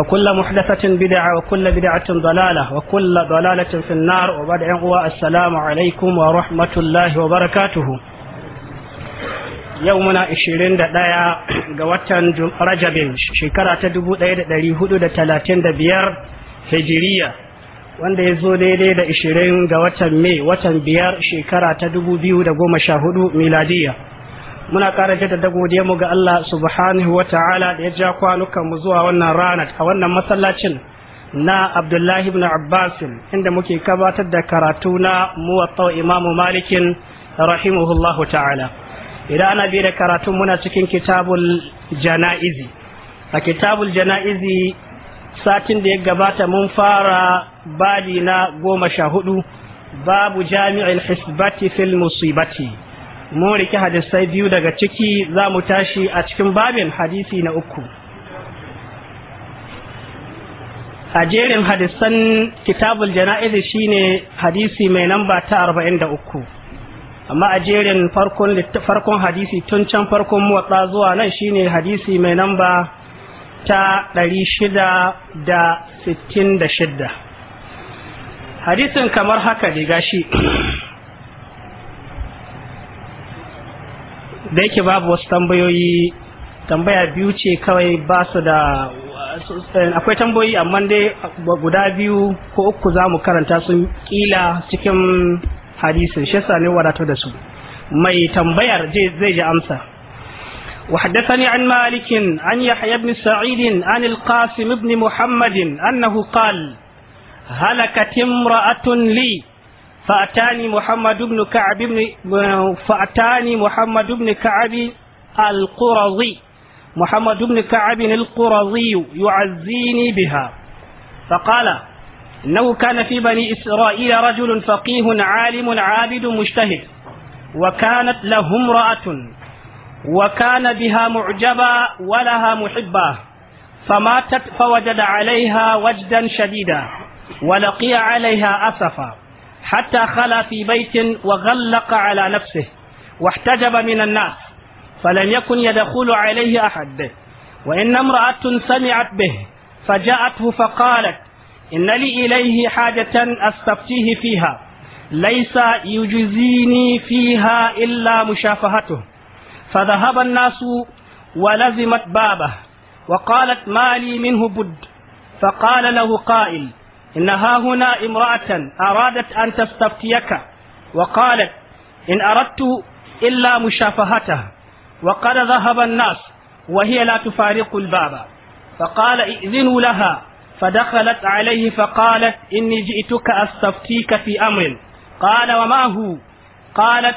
وكل محدثة بدعة وكل بدعة ضلالة وكل ضلالة في النار وبعد أن السلام عليكم ورحمة الله وبركاته يومنا 21 ga watan Rajabin shekara ta biyar Hijiriya wanda ya zo daidai da 20 ga watan Mai watan biyar shekara ta 2014 miladiya muna ƙara jaddada godiya mu ga Allah subhanahu wa ta'ala da ya ja kwanukan mu zuwa wannan rana a wannan masallacin na Abdullahi ibn Abbas inda muke gabatar da karatu na muwatta Imam Malik rahimahullah ta'ala idan ana bi da karatu muna cikin kitabul janaizi a kitabul janaizi satin da ya gabata mun fara badi na goma sha hudu babu jami'il hisbati fil musibati mu rike hadisai biyu daga ciki za mu tashi a cikin babin hadisi na uku a jerin hadisan kitabul jana'iz shine hadisi mai namba ta 43 amma a jerin farkon hadisi tun can farkon muwatsa zuwa nan shine hadisi mai namba ta 666 hadisin kamar haka ne gashi da yake babu wasu tambayoyi tambaya biyu ce kawai ba su da akwai tambayoyi amma dai guda biyu ko uku za mu karanta sun kila cikin hadisin shi ne wadatar da su mai tambayar zai ji amsa وحدثني عن مالك عن يحيى بن سعيد عن القاسم بن محمد أنه قال هلكت امرأة لي فأتاني محمد بن كعب بن فأتاني محمد بن كعب القرظي محمد بن كعب القرظي يعزيني بها فقال إنه كان في بني إسرائيل رجل فقيه عالم عابد مجتهد وكانت له امرأة وكان بها معجبا ولها محبة فماتت فوجد عليها وجدا شديدا ولقي عليها أسفا حتى خلا في بيت وغلق على نفسه واحتجب من الناس فلم يكن يدخل عليه أحد وإن امرأة سمعت به فجاءته فقالت إن لي إليه حاجة أستفتيه فيها ليس يجزيني فيها إلا مشافهته فذهب الناس ولزمت بابه وقالت ما لي منه بد فقال له قائل إن ها هنا امرأة أرادت أن تستفتيك وقالت إن أردت إلا مشافهتها وقد ذهب الناس وهي لا تفارق الباب فقال ائذنوا لها فدخلت عليه فقالت إني جئتك أستفتيك في أمر قال وما هو قالت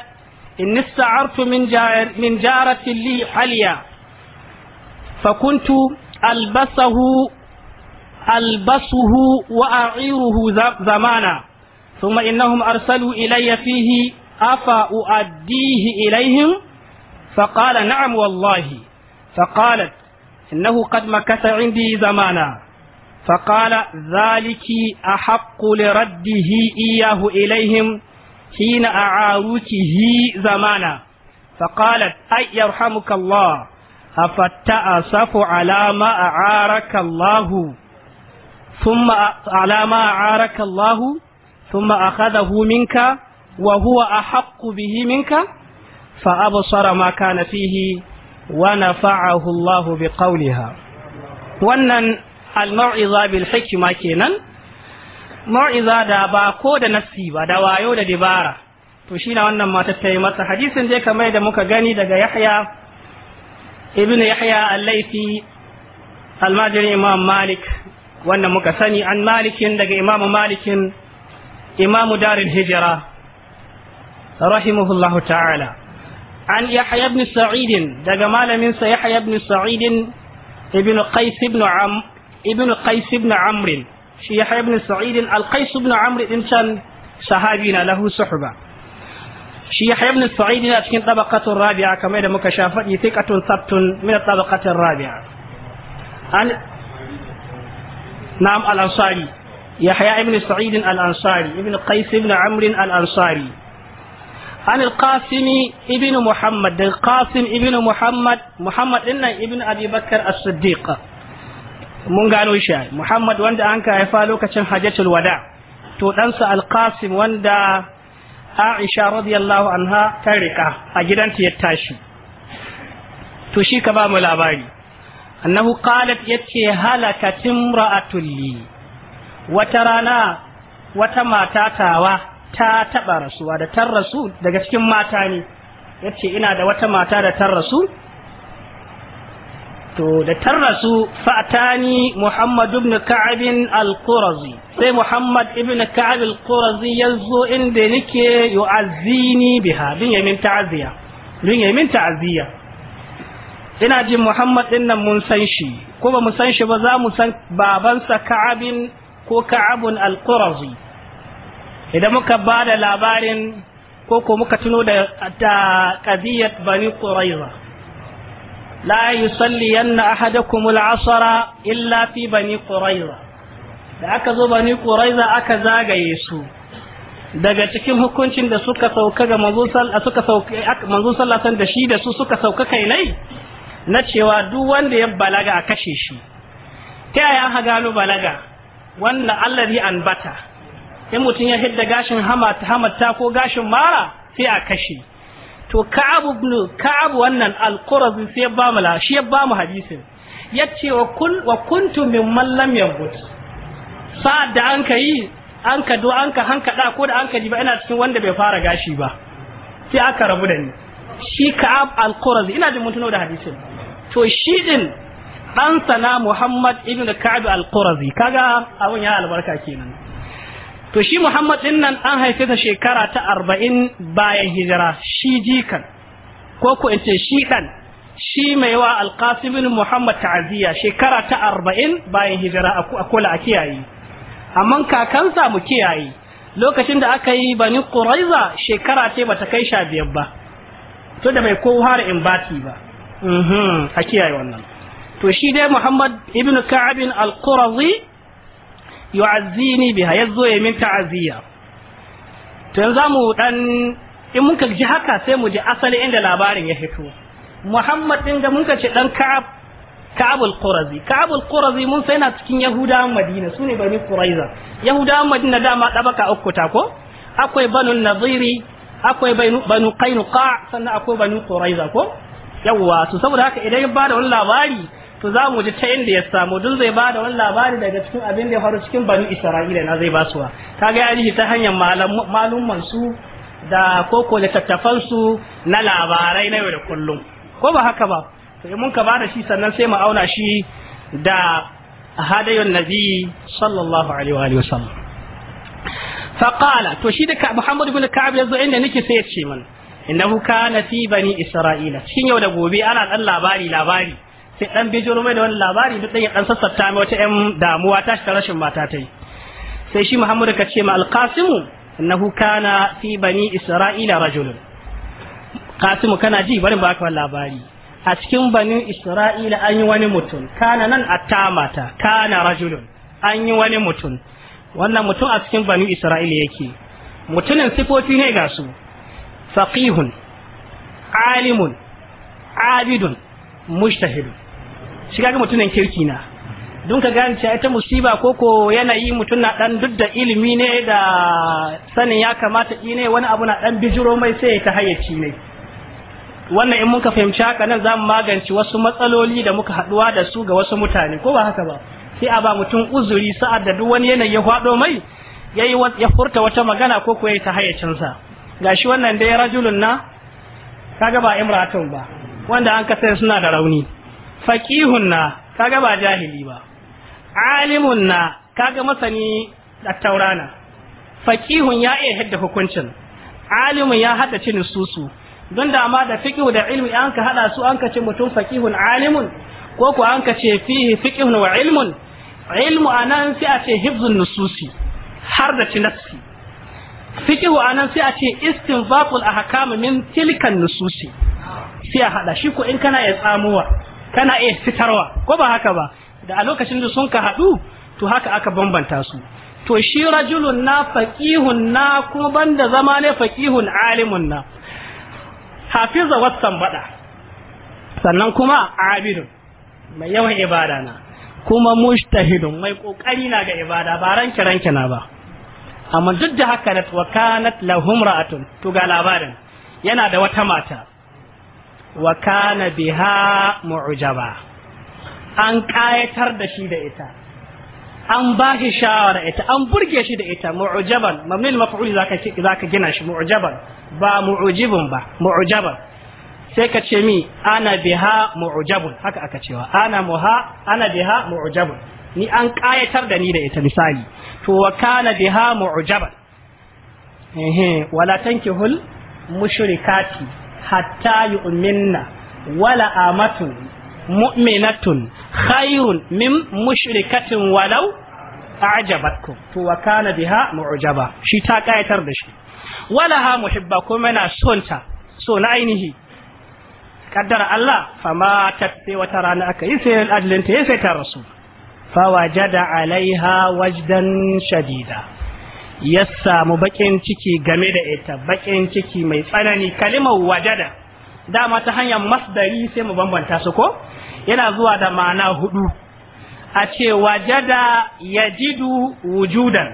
إني استعرت من, جار من جارة لي حليا فكنت ألبسه ألبسه وأعيره زمانا ثم إنهم أرسلوا إلي فيه أفا أؤديه إليهم فقال نعم والله فقالت إنه قد مكث عندي زمانا فقال ذلك أحق لرده إياه إليهم حين أعاوته زمانا فقالت أي يرحمك الله أفتأسف على ما أعارك الله alama a arakan lahu sun ma a kada huminka wa huwa a haƙƙu bihiminka fa abu tsara maka na fihi wa na fa’ahullahu bi ƙauliha wannan al-ma’iza bil hikima kenan ma’iza da ba ko da nassi ba da wayo da dibara to shi na wannan matattai masa hadisin je kamar da muka gani daga yahya ibn yahya al-laifi al-majirin imam malik wannan muka sani an malikin daga imamu malikin imamu daril hijira rahimahullahu ta'ala an yahya ibn sa'id daga malamin sa yahya ibn sa'id ibn qais ibn am ibn qais ibn amr shi yahya ibn sa'id al qais ibn amr din can sahabi na lahu suhba shi yahya ibn sa'id na cikin tabaqatul rabi'a kamar da muka sha faɗi thiqatun sabtun min tabaqatul rabi'a an نعم الأنصاري يحيى ibn سعيد الأنصاري ابن قيس بن عمرو الأنصاري عن القاسم ابن محمد القاسم ابن محمد محمد إن ابن أبي بكر الصديق mun gano shi Muhammad wanda an ka haifa lokacin hajjatul wada to dansa alqasim wanda Aisha radiyallahu anha ta rika a gidanta ya tashi to shi ka labari annahu qalat yace halakat imra'atul li wata rana wata mata tawa ta taba rasuwa da tar rasu daga cikin mata ne yace ina da wata mata da tar rasu to da tar rasu fa'atani muhammad ibn ka'ab al-qurazi sai muhammad ibn ka'ab al-qurazi yazo inda nake yu'azzini biha bin yamin ta'ziya bin yamin ta'ziya ina jin muhammad din nan mun san shi ko ba mu san shi ba za mu san babansa ka'abin ko ka'abun al-qurazi idan muka ba da labarin ko ko muka tuno da ta qadiyat bani quraiza la yusalliyanna ahadakum al-asra illa fi bani quraiza da aka zo bani quraiza aka zagaye su daga cikin hukuncin da suka sauka ga manzo sallallahu da shi da su suka sauka kai nai na cewa duk wanda ya balaga a kashe shi ta yaya ha gano balaga wanda Allah ya ambata in mutum ya hidda gashin hamata ko gashin mara sai a kashe to ka'abu ibn ka'abu wannan al-qurazi sai ba mu shi ya ba mu hadisin yace wa kun wa kuntu mimman lam yabut sa'ad da an kai an ka do an ka hanka da ko da an ka ji ba ina cikin wanda bai fara gashi ba sai aka rabu da ni shi ka'ab al-qurazi ina jin mun tuno da hadisin to shi din ɗansa na Muhammad ibn Ka'b al-Qurazi kaga abun ya albarka kenan to shi Muhammad din nan an haife ta shekara ta 40 bayan hijira shi jikan ko ko shi dan shi mai wa al-Qasim ibn Muhammad ta'ziya shekara ta 40 bayan hijira a kula a kiyaye amma kakansa mu kiyaye lokacin da aka yi bani Quraiza shekara ce bata kai sha biyar ba to da bai ko har in bati ba Mhm, a kiyaye wannan to shi dai muhammad ibn ka'abin al-qurazi yu'azzini biha yazo ya min ta'aziyya to yanzu mu dan in muka ji haka sai mu ji asali inda labarin ya fito muhammad din da muka ce dan ka'ab al qurazi al qurazi mun sai na cikin yahuda madina sune bani quraiza yahuda madina dama dabaka uku ta ko akwai banu nadhiri akwai banu qainuqa sannan akwai banu quraiza ko yawwa to saboda haka idan ya bada wani labari to za mu ji ta inda ya samu duk zai bada wani labari daga cikin abin da ya faru cikin banu isra'ila na zai basuwa ga ya ta hanyar malumman su da koko littattafan su na labarai na yau da kullum ko ba haka ba to in mun ka bada shi sannan sai mu auna shi da hadayun nabi sallallahu alaihi wa sallam to shi da Muhammad ibn Ka'ab yazo inda nake sai ya ce mana innahu kana fi bani isra'ila cikin yau da gobe ana dan labari labari sai dan bijiro mai da wani labari duk dan ya dan sassata mai wata yan damuwa ta shi rashin mata ta yi sai shi muhammadu ka ce ma alqasimu innahu kana fi bani isra'ila rajulun qasim kana ji bari ba ka labari a cikin bani isra'ila an yi wani mutum kana nan attamata kana rajulun an yi wani mutum wannan mutum a cikin bani isra'ila yake mutumin sifofi ne ga su faqihun alimun abidun mujtahid shi kaga mutunan kirki na don ka gane cewa ita musiba koko yanayi mutum na dan duk da ilimi ne da sanin ya kamata ne wani abu na dan bijiro mai sai ta hayyaci ne wannan in muka fahimci haka nan zamu magance wasu matsaloli da muka haduwa da su ga wasu mutane ko ba haka ba sai a ba mutum uzuri sa'ad da duk wani yanayi ya faɗo mai yayi ya furta wata magana ko ko yayi ta hayyacin Ga shi wannan dai rajulun na kaga ba imratun ba wanda an kasance suna da rauni faqihun na kaga ba jahili ba alimun na kaga masani taurana faqihun ya iya hadda hukuncin alimun ya hada cin susu don da ma da fiqhu da ilmi an ka hada su an ka ce mutum faqihun alimun ko ko an ka ce fihi fiqhun wa ilmun ilmu anan sai a ce hifzun nususi har da ci Fikihu anan sai a ce istinfaqul ahkam min tilkan nususi sai a hada shi ko in kana ya tsamuwa kana iya fitarwa ko ba haka ba da a lokacin da sun ka hadu to haka aka bambanta su to shi rajulun na faƙihun na kuma banda zama ne faƙihun alimun na hafiza wasan baɗa. sannan kuma abidun mai yawan ibada na kuma mujtahidun mai kokari na ga ibada ba ranke-ranke na ba amma duk da haka na wa kanat lahum ra'atun to ga labarin yana da wata mata wa kana biha mu'jaba an kayatar da shi da ita an ba shi shawara ita an burge shi da ita mu'jaban mamnun maf'ul zaka zaka gina shi mu'jaban ba mu'jibun ba mu'jaban sai ka ce mi ana biha mu'jabun haka aka cewa ana muha ana biha mu'jabun ni an kayatar da ni da ita misali to wa kana biha mu'jaban ehe wala tankihul mushrikati hatta yu'minna wala amatun mu'minatun khairun min mushrikatin walau a'jabatkum to wa kana mu'jaba shi ta kayatar da shi wala ha muhibba kuma yana sonta so na ainihi kaddara Allah fama ta wata rana aka yi sai adlinta ya sai ta rasu fawajada alaiha wajdan shadida ya samu bakin ciki game da ita bakin ciki mai tsanani kalimar wajada dama ta hanyar masdari sai mu bambanta su ko yana zuwa da ma'ana hudu a ce wajada yajidu wujudan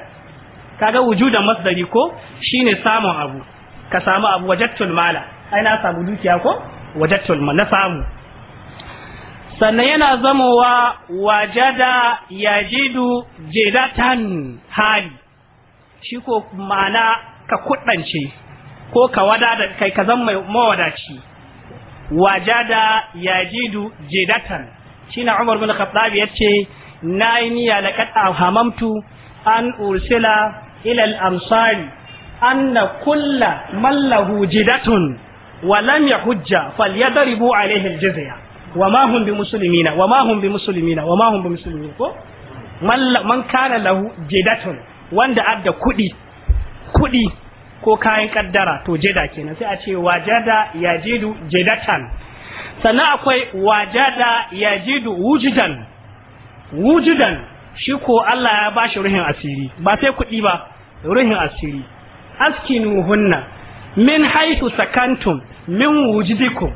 kaga wujudan masdari ko shine samun abu ka samu abu wajattul mala ai na samu dukiya ko wajattul na samu sannan yana zamowa wajada yajidu jedatan hali shi ko ma'ana ka kudance ko ka wadada kai ka zama mawadaci wajada yajidu jedatan shi na umar bin khattab ya ce na yi niyya da kaɗa hamamtu an ursila ilal amsari an na kulla mallahu jidatun wa lam ya hujja fal yadribu alaihi aljizya wa ma hum bi muslimina wa ma hum bi muslimina wa bi ko man kana lahu jidatun wanda adda kudi kudi ko kayan kaddara to jeda kenan sai a ce wajada yajidu jidatan sannan akwai wajada yajidu wujudan wujudan shi ko Allah ya bashi ruhin asiri ba sai kudi ba ruhin asiri hunna min haitu sakantum min wujudikum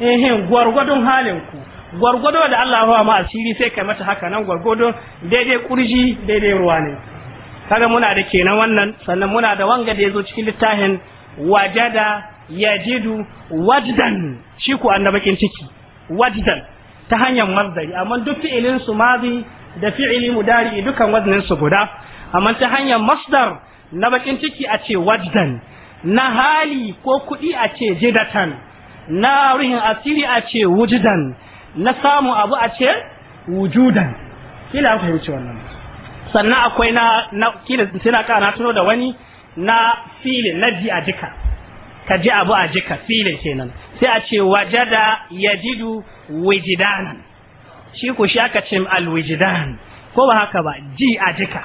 ehin gwargwadon halin ku gwargwado da Allah ruwa ma asiri sai kai mata haka nan gwargwado daidai kurji daidai ruwa ne kaga muna da kenan wannan sannan muna da wanga da yazo cikin littafin wajada yajidu wajdan shi ku annabakin ciki wajdan ta hanyar mazdari amma duk fi'ilin su madi da fi'ili mudari dukan waznin su guda amma ta hanyar masdar na bakin ciki a ce wajdan na hali ko kuɗi a ce jidatan na ruhin asiri a ce wujudan na samu abu a ce wujudan kila an fahimci wannan sannan akwai na na kila suna kana tuno da wani na filin na ji a jika ka ji abu a jika filin kenan sai a ce wajada yajidu wujidan shi ko shi aka ce wujidan ko ba haka ba ji a jika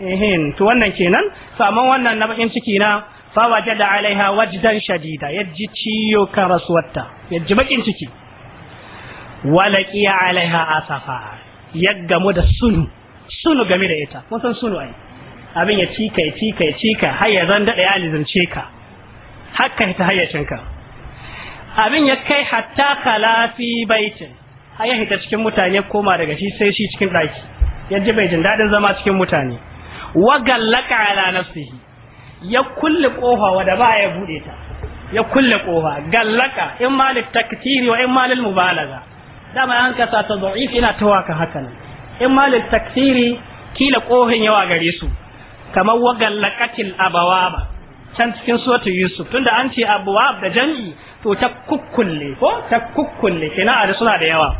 ehin to wannan kenan to wannan na bakin ciki na fawajada alaiha wajdan shadida yaji ciyo kan rasuwarta yaji bakin ciki walaqiya alaiha asafa ya gamu da sunu sunu game da ita kun san sunu ai abin ya cika ya cika ya cika har ya zan dada ya lizance ka hakan ta hayyacin ka abin ya kai hatta khalafi baitin har ya hita cikin mutane koma daga shi sai shi cikin daki yaji bai jin dadin zama cikin mutane wa gallaka ala nafsihi ya kulle kofa wanda ba ya buɗe ta ya kulle kofa gallaka in malik taktiri wa in malil mubalaga dama an kasa ta da'if ina tawaka hakan in malik taktiri kila kofin yawa gare su kamar wa gallakatil abawaba can cikin suratu yusuf tunda an ce abwab da jam'i to ta kukkulle ko ta kukkulle kina a suna da yawa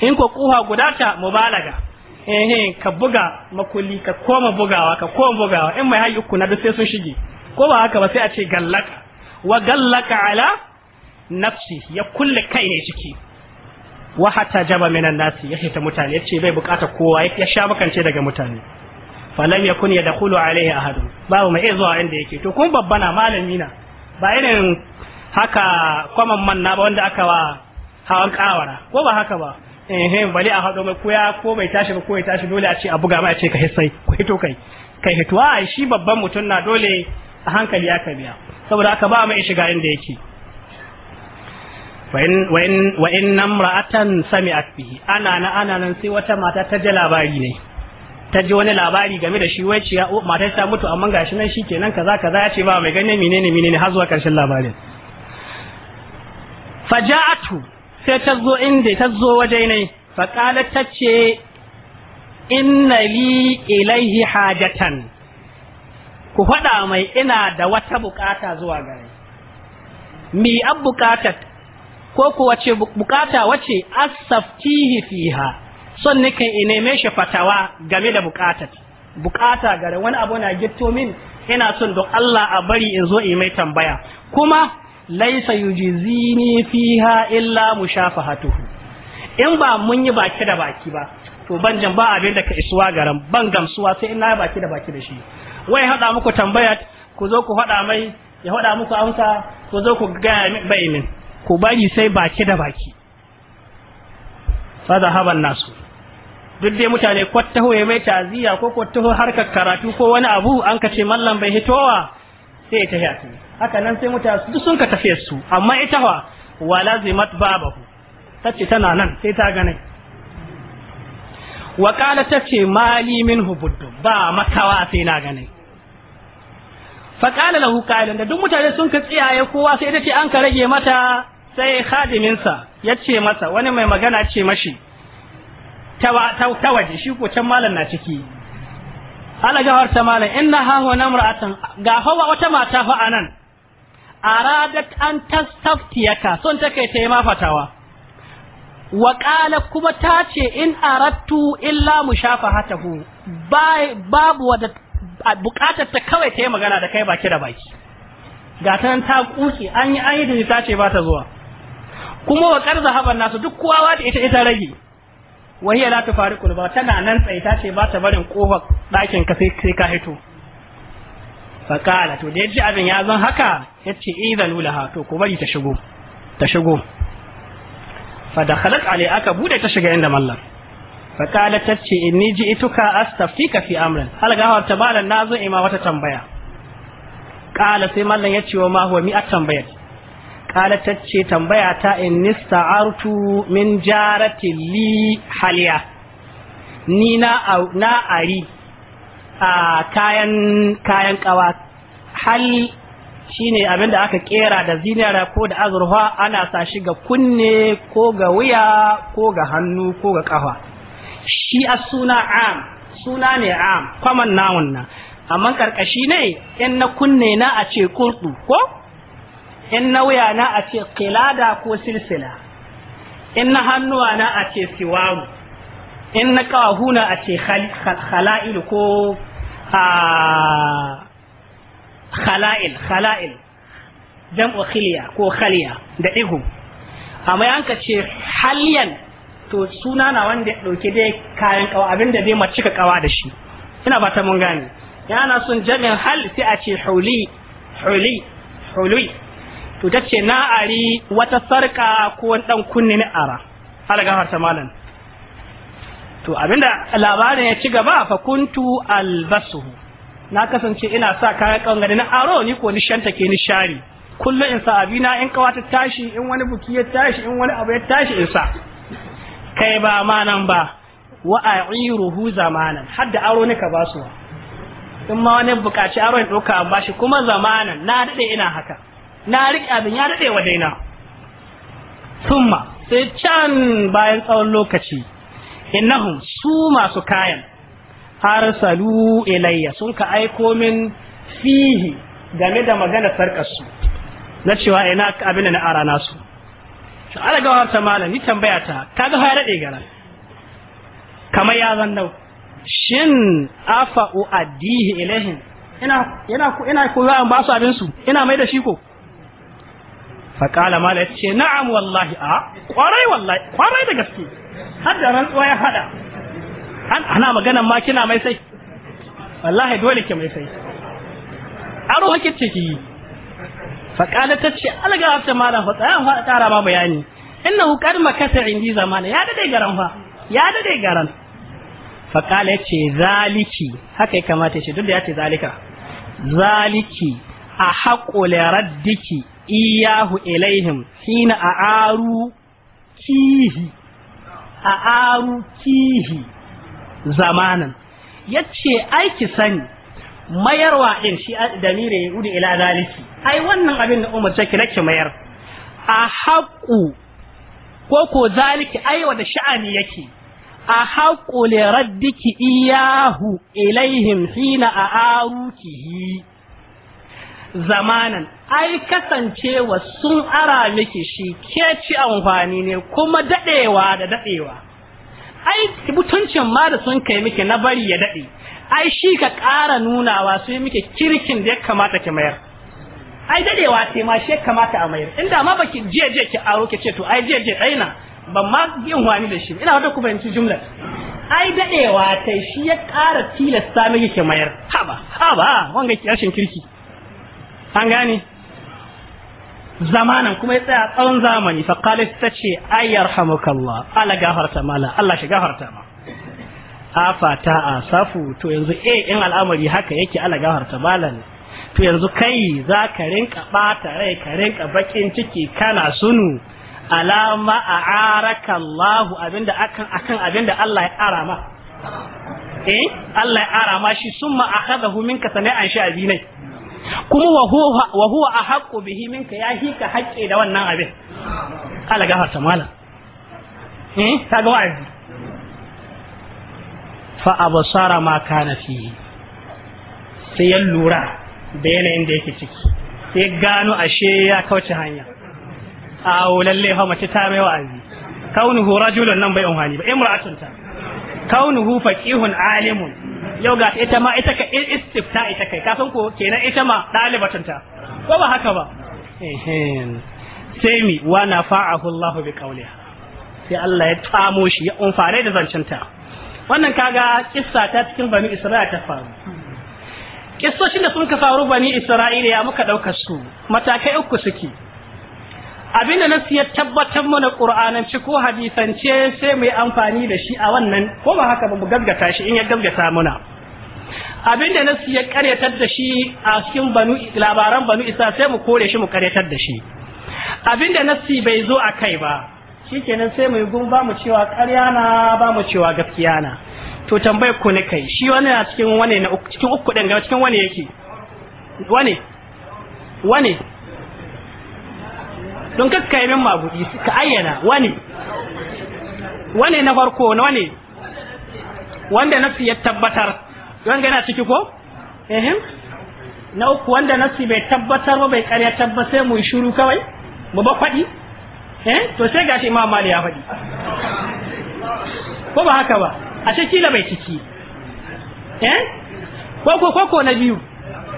in ko kofa guda ta mubalaga eh ka buga makuli ka koma bugawa ka koma bugawa in mai hayyuku na duk sai sun shige ko ba haka ba sai a ce gallaka wa gallaka ala nafsi ya kulle kai ne ciki wa hatta jaba minan nasi ya hita mutane ya ce bai bukata kowa ya sha bakance daga mutane falam yakun yadkhulu alaihi ahad babu mai zuwa inda yake to kun babbana malami na ba irin haka kwaman manna ba wanda aka wa hawan kawara ko ba haka ba Ehe bali a hado mai ko ya ko bai tashi ba ko ya tashi dole a ce a buga mai a ce ka hissai ko hito kai kai hituwa shi babban mutum na dole a hankali ya biya saboda aka ba mai shiga inda yake wa in namra'atan sami'at bihi ana na ana nan sai wata mata ta ji labari ne ta ji wani labari game da shi wai ciya oh, matar ta mutu amma gashi nan shi kenan kaza kaza ya ce ba mai gane menene menene har zuwa karshen labarin faja'atu sai ta zo inda ta zo waje ne faƙalar ta ce inna li ilaihi hajatan ku faɗa mai ina da wata bukata zuwa gare mi an bukata ko ku wace bukata wace asaftihi fiha son nika in neme shi fatawa game da buƙatar buƙata gare wani abu na gitto min ina son don Allah a bari in zo in mai tambaya kuma laisa yujizini fiha illa mushafahatuhu in ba mun yi baki da baki ba to ban jan ba abin da ka isuwa garan ban gamsuwa sai ina na baki da baki da shi wai hada muku tambaya ku zo ku hada mai ya hada muku amsa ku zo ku ga bai min ku bari sai baki da baki fa haban nasu duk dai mutane kwattaho ya mai taziya ko kwattaho harkar karatu ko wani abu an ka ce mallam bai hitowa sai ya tafi haka nan sai mutane duk sun ka tafiye su amma ita wa wala zimat babahu tace tana nan sai ta gane wa qala tace mali minhu buddu ba makawa sai na gane fa qala lahu qailan da duk mutane sun ka tsiyaye kowa sai tace an ka rage mata sai khadimin sa yace masa wani mai magana ce mashi ta waje shi ko can malam na ciki ala gawar ta malam inna ha huwa namra'atan ga hawa wata mata fa anan aradat an tastaftiyaka son ta kai ta yi mafatawa fatawa wa kuma ta ce in arattu illa mushafahatahu babu wadda buƙatar ta kawai ta yi magana da kai baki da baki ga ta ta kuke an yi ayi ta ce ba ta zuwa kuma wa kar zahaban nasu duk kowa wata ita ita rage wai hiya la ba tana nan tsaye ta ce ba ta barin kofar ɗakin ka sai ka hito fa to da ji abin ya zan haka yace idanu eh, laha to ku bari ta shigo ta shigo fa dakhalat Ali aka bude ta shiga inda mallam fa qalat tace inni ji'tuka astaftika fi amrin halga ta malan nazo ima wata tambaya qala sai mallan yace wa ma huwa mi'at tambayat ta tace tambaya ta inni sta'artu min jarati li haliya ni na na ari a kayan kayan kawa hal shine abin da aka kera da zinara ko da azurfa ana sa shi ga kunne ko ga wuya ko ga hannu ko ga kafa shi a suna am suna ne am kwaman namun na amma karkashi ne in na kunne na a ce kurdu ko in na wuya na a ce qilada ko silsila in na hannuwa na a ce siwaru in na kawahuna a ce khala'ilu ko ah, khala'il khala'il jam'u khiliya ko khaliya da ihu amma an ka ce haliyan to suna na wanda ya dauke dai kayan kawa abinda dai mace ka kawa da shi ina ba ta mun gane yana sun jami'in hal sai a ce huli huli huli to ta ce na ari wata sarka ko dan kunne ne ara har ga harta malam to abinda labarin ya ci gaba fa kuntu albasuhu na kasance ina sa kayan kawon gari na aro ni ko ni shanta ke ni shari kullum in sa abina in kawata tashi in wani buki ya tashi in wani abu ya tashi in sa kai ba ma nan ba wa a'iruhu zamanan har da aro nika ba su in ma wani bukaci aro in ɗauka an bashi kuma zamanan na daɗe ina haka na riƙe abin ya daɗe wa daina summa sai can bayan tsawon lokaci innahum su masu kayan arsalu ilayya sun ka aiko min fihi game da magana sarkarsu na cewa ina abin da na ara nasu to ala ga wata malam ni tambaya ta ga har rade garan kamar ya zannau shin afa adihi ilaihim ina ina ina ku za ba su abin su ina mai da shi ko faƙala malam ya ce na'am wallahi a kwarai wallahi kwarai da gaske har da rantsuwa ya haɗa ana maganan ma kina mai sai wallahi dole ki mai sai aro hakin ce ki kana ta alga ta malam fa tsaya fa tsara ma bayani innahu qad makasa indi zamana ya dade garan fa ya dade garan fa kale ce zaliki haka ya kamata ce duk da ya ce zalika zaliki a haƙo raddiki iyahu ilaihim hina a kihi a aru kihi zamanan yace ce aiki sani mayarwa din shi da ya gudu ila zaliki ai wannan abin da umar take nake mayar a haƙu ko ko zaliki ai da sha'ani yake a haƙu li raddiki iyahu ilaihim hina a arukihi zamanan ai kasancewa sun ara miki shi ke ci amfani ne kuma daɗewa da daɗewa. ai mutuncin ma da sun kai miki na bari ya dade ai shi ka ƙara nunawa su yi miki kirkin da ya kamata ki mayar ai dadewa sai ma shi ya kamata a mayar inda ma baki jiya jiya ki aro ki ce to ai jiya jiya ɗaina ban ma yin wani da shi ina wata ku fahimci jumlar ai dadewa ta shi ya ƙara tilasta miki ki mayar haba haba wanga ki rashin kirki an gane zamanan kuma ya tsaya tsawon zamani fa qalat ta ce hamukallah ala gafarta mala Allah shi gafarta ma afata asafu to yanzu eh in al'amari haka yake ala gafarta mala ne to yanzu kai za ka rinka bata rai ka rinka bakin ciki kana sunu alama a araka Allahu abinda akan akan abinda Allah ya arama eh Allah ya arama shi summa akhadahu minka an sha'bi abinai kuma wa huwa a haƙƙo bihi minka ya hi ka haƙƙe da wannan abin ala ta mala eh ta ga wa'azi fa abasara ma kana yi. sai ya lura da yanayin da yake ciki sai gano ashe ya kauce hanya a lalle fa mace ta mai wa'azi kaunuhu rajulun nan bai umhani ba imra'atun ta kaunuhu faqihun alimun yau ga ita ma ita ka istifta ita kai ka san ko kenan ita ma ɗalibatin ta ko ba haka ba sai mi wa nafa'ahu Allah bi qawliha sai Allah ya tsamo shi ya umfare da zancen ta wannan kaga kissa ta cikin bani Isra'ila ta faru kissoshin da sun ka faru bani Isra'ila ya muka daukar su matakai uku suke abinda na siya tabbatar mana qur'ananci ko hadisance sai mai amfani da shi a wannan ko ba haka ba mu gaggata shi in ya gaggata muna abinda na siya karyatar da shi a cikin banu labaran banu isa sai mu kore shi mu karyatar da shi abinda si bai zo a kai ba shikenan sai mu gun ba mu cewa ƙarya na ba mu cewa gaskiya na to tambayar ku ne kai shi wani a cikin wani na cikin uku din ga cikin wani yake Wani? Wani? don kakka min magudi ka ayyana wani wani na farko na wani wanda nafsi ya tabbatar don gana ciki ko ehem na uku wanda nafsi bai tabbatar ba bai karya tabbatar mu shiru kawai mu ba faɗi eh to sai gashi imam mali ya faɗi ko ba haka ba a kila bai ciki eh ko ko ko na biyu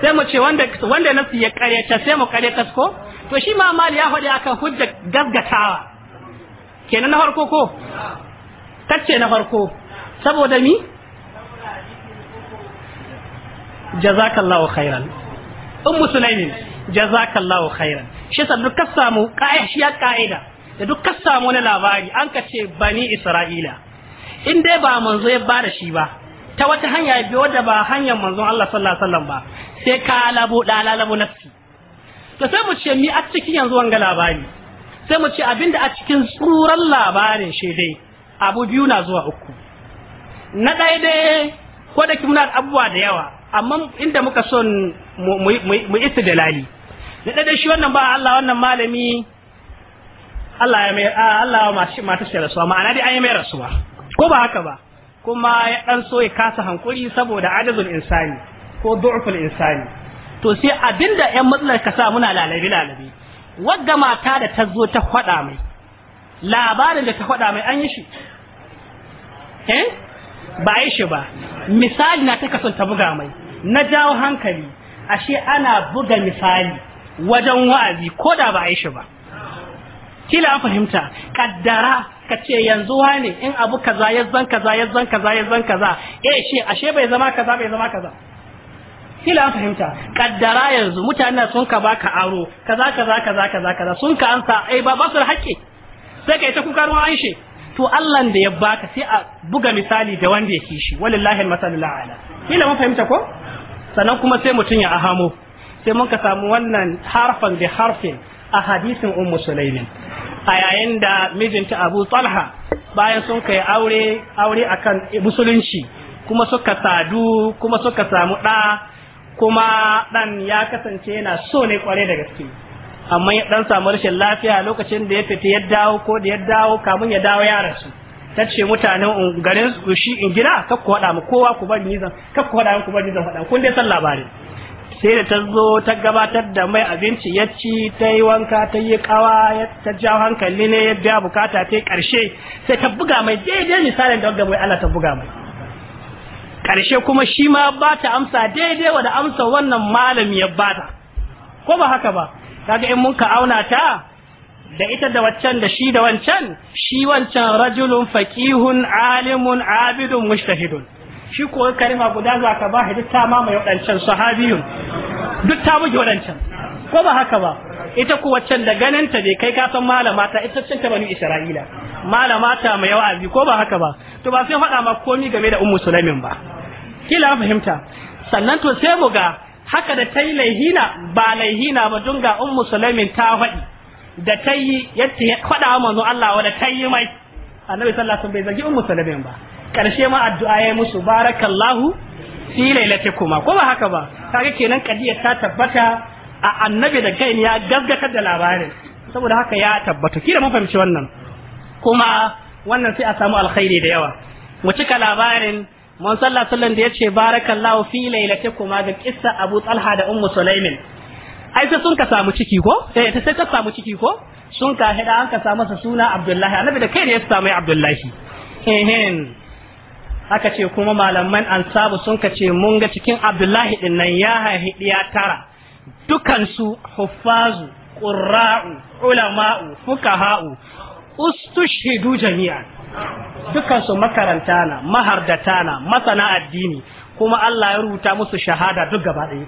sai mu ce wanda wanda nafsi ya karyata sai mu karyata ko to shi ma mali ya faɗi akan hujja gaggatawa kenan na farko ko tacce na farko saboda mi jazakallahu khairan ummu sulaimin jazakallahu khairan shi sa duk ka samu ya ka'ida da duk ka samu na labari an ka ce bani isra'ila in dai ba manzo ya ba da shi ba ta wata hanya biyo da ba hanyar manzon Allah sallallahu alaihi wasallam ba sai ka labo dalalabu nafsi to sai mu ce mi a cikin yanzu wanga labari sai mu ce abinda a cikin tsuran labarin shi dai abu biyu na zuwa uku na ɗaya dai ko da muna abubuwa da yawa amma inda muka son mu isa da lali na ɗaya shi wannan ba Allah wannan malami Allah ya mai Allah ma mashi mata shi rasuwa ma'ana dai an yi mai rasuwa ko ba haka ba kuma ya dan so ya kasa hankuri saboda adazul insani ko du'ful insani to sai abinda ƴan matsalar ka sa muna lalabi lalabi wadda mata da ta zo ta faɗa mai labarin da ta faɗa mai an yi shi eh ba yi shi ba misali na ta kasanta buga mai na jawo hankali ashe ana buga misali wajen wa'azi ko da ba yi shi ba kila an fahimta kaddara ka ce yanzu wane in abu kaza ya zan kaza ya zan kaza ya zan kaza eh shi ashe bai zama kaza bai zama kaza kila an fahimta kaddara yanzu mutanen sun ka baka aro kaza kaza kaza kaza kaza sun ka ansa ai ba ba su da sai kai ta kuka ruwan aishe to Allah da ya baka sai a buga misali da wanda yake shi wallahi almasalul ala kila mun fahimta ko sannan kuma sai mutun ya ahamo sai mun ka samu wannan harfan bi harfin a hadisin ummu sulaimin a yayin da mijinta abu talha bayan sun kai aure aure akan musulunci kuma suka sadu kuma suka samu ɗa kuma ɗan ya kasance yana so ne kware da gaske amma ya dan samu rashin lafiya lokacin da ya fita ya dawo ko da ya dawo kamun ya dawo ya rasu ta ce mutanen garin shi in gida ka ku haɗa mu kowa ku bari nizan ka ku mu ku bari nizan haɗa kun dai san labarin sai da ta zo ta gabatar da mai abinci ya ci ta yi wanka ta yi kawa ta jawo hankali ne ya biya bukata ta yi ƙarshe sai ta buga mai daidai misalin da wanda mai Allah ta buga mai karshe kuma shi ma ba ta amsa daidai wa da amsa wannan malam ya ta ko ba haka ba kaga in mun ka auna ta da ita da waccan da shi da wancan shi wancan rajulun faqihun alimun abidun mujtahidun shi ko karima guda za ka ba duk ta mamaye wadancan sahabiyun duk ta buge wadancan ko ba haka ba ita ku waccan da ganin ta dai kai ka san malama ta ita cin ta bani isra'ila malama ta mai wa'azi ko ba haka ba to ba sai faɗa ma komi game da ummu sulaimin ba kila fahimta sannan to sai mu ga haka da ta yi laihina ba laihina ba don ga ummu sulaimin ta faɗi da ta yi yadda ya faɗa manzo Allah wa da ta yi mai annabi sallallahu alaihi bai zagi ummu sulaimin ba karshe ma addu'a yayi musu barakallahu fi lailatikuma ko ba haka ba kaga kenan kadiyar ta tabbata a annabi da kai ya gaskatar da labarin saboda haka ya tabbata kira mun fahimci wannan kuma wannan sai a samu alkhairi da yawa mu cika labarin mun sallah sallan da yace barakallahu fi lailatikuma da kissa Abu Talha da Ummu Sulaimin ai sai sun ka samu ciki ko eh, sai ta samu ciki ko sun ka hada an ka samu suna Abdullahi annabi da kai ne ya samu Abdullahi ehin ce kuma malaman ansabu sun ka ce mun ga cikin Abdullahi din nan ya haihi ya tara dukansu su huffazu qurra'u ulama'u fukaha'u ustushhidu jami'an dukansu makaranta na mahardata na masana addini kuma Allah ya rubuta musu shahada duk gaba ɗaya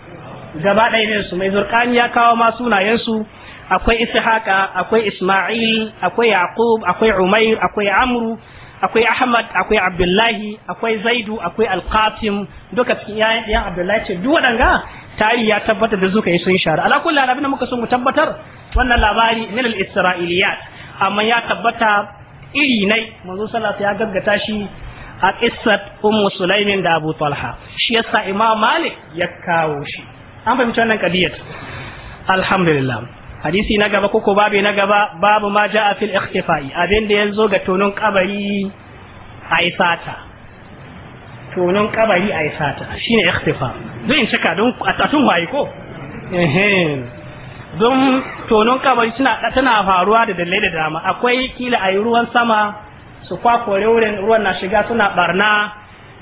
gaba ɗaya ne su mai zurkani ya kawo ma sunayensu akwai ishaqa akwai isma'il akwai yaqub akwai umair akwai amru akwai ahmad akwai abdullahi akwai zaidu akwai alqasim duka cikin yayan abdullahi ce duk wadanga tarihi ya tabbatar da zuka yi sun shara ala kulli abin da muka so mu tabbatar wannan labari min al-isra'iliyat amma ya tabbata iri nai manzo salatu, ya gaggata shi a qissat ummu sulaimin da abu talha shi yasa imam malik ya kawo shi an fahimci wannan kadiyar alhamdulillah hadisi na gaba koko babu na gaba babu ma ja'a fil ikhtifai abin da zo ga tonon kabari aisata tonon kabari aisata shine ikhtifa zai in cika don a tun waye ko ehem don tonon kabari tana faruwa da dalilai da dama akwai kila a yi ruwan sama su kwakware wurin ruwan na shiga suna barna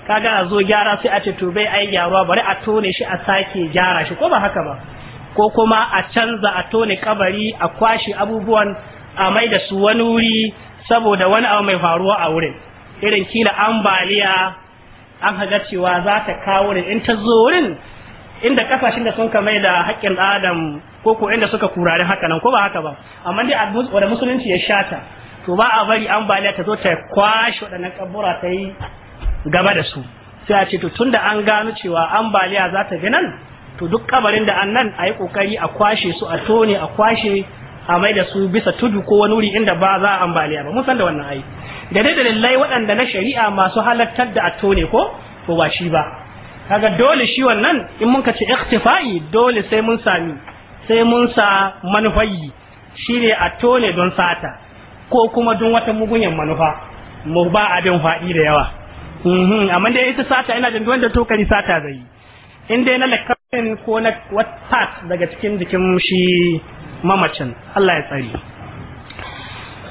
kaga a zo gyara sai a ce to bai ai gyaruwa bari a tone shi a sake gyara shi ko ba haka ba ko kuma a canza a tone kabari a kwashe abubuwan a mai da su wani wuri saboda wani abu mai faruwa a wurin irin kila ambaliya an haga cewa za ta kawo wurin in ta zo wurin inda kasashen da sun ka mai da haƙƙin adam ko ko inda suka kurare haka nan ko ba haka ba amma dai wanda musulunci ya shata to ba a bari ambaliya ta zo ta kwashe waɗannan kabura ta yi gaba da su sai a ce to da an gano cewa ambaliya za ta bi nan to duk kabarin da an nan a yi ƙoƙari a kwashe su a tone a kwashe a mai da su bisa tudu ko wani wuri inda ba za a ambaliya ba mun da wannan ai da dai da dalilai waɗanda na shari'a masu halartar da a tone ko to ba shi ba kaga dole shi wannan in mun ka ce ikhtifai dole sai mun sami sai mun sa manufayi shine a tone don sata ko kuma don wata mugunyan manufa mu ba abin faɗi da yawa mhm, amma dai ita sata ina jin wanda to kari sata zai in dai na lakarin ko na what part daga cikin jikin shi mamacin Allah ya tsari.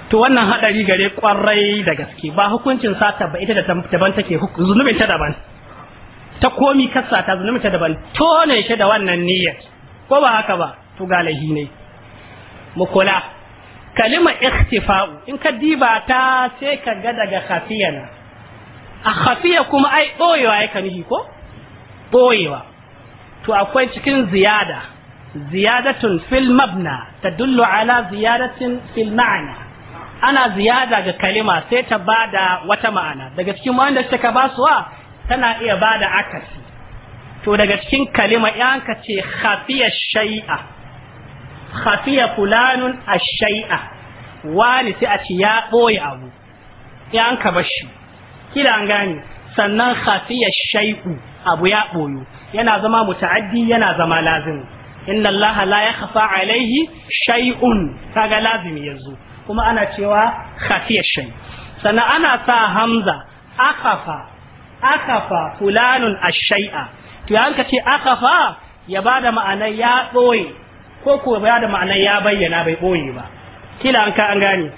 to wannan hadari gare kwarai da gaske ba hukuncin sata ba ita da daban take zunubin ta daban ta komi kasa ta zunumta daban tone shi da wannan niyyar ko ba haka ba to galahi ne mu kula kalima ikhtifa'u in ka diba ta sai ka ga daga khafiyana a khafiya kuma ai boyewa ya nihi ko boyewa to akwai cikin ziyada ziyadatun fil mabna tadullu ala ziyadatin fil ana ziyada ga kalima sai ta bada wata ma'ana daga cikin wanda suka wa tana iya ba da akasi to daga cikin kalima yan ka ce khafiya shai'a kafiya fulanun a shai'a wani sai a ce ya ɓoye abu yan ka bashi kila an gane sannan khafiya shai'u abu ya boyo yana zama muta'addi yana zama lazim inna allaha la yakhfa alaihi shay'un kaga lazimi yanzu kuma ana cewa khafiya shay sannan ana sa hamza akhafa akafa fulanun ashai'a to ya ka ce akafa ya bada ma'ana ya boye ko ko ya bada ma'ana ya bayyana bai boye ba kila an ka an gane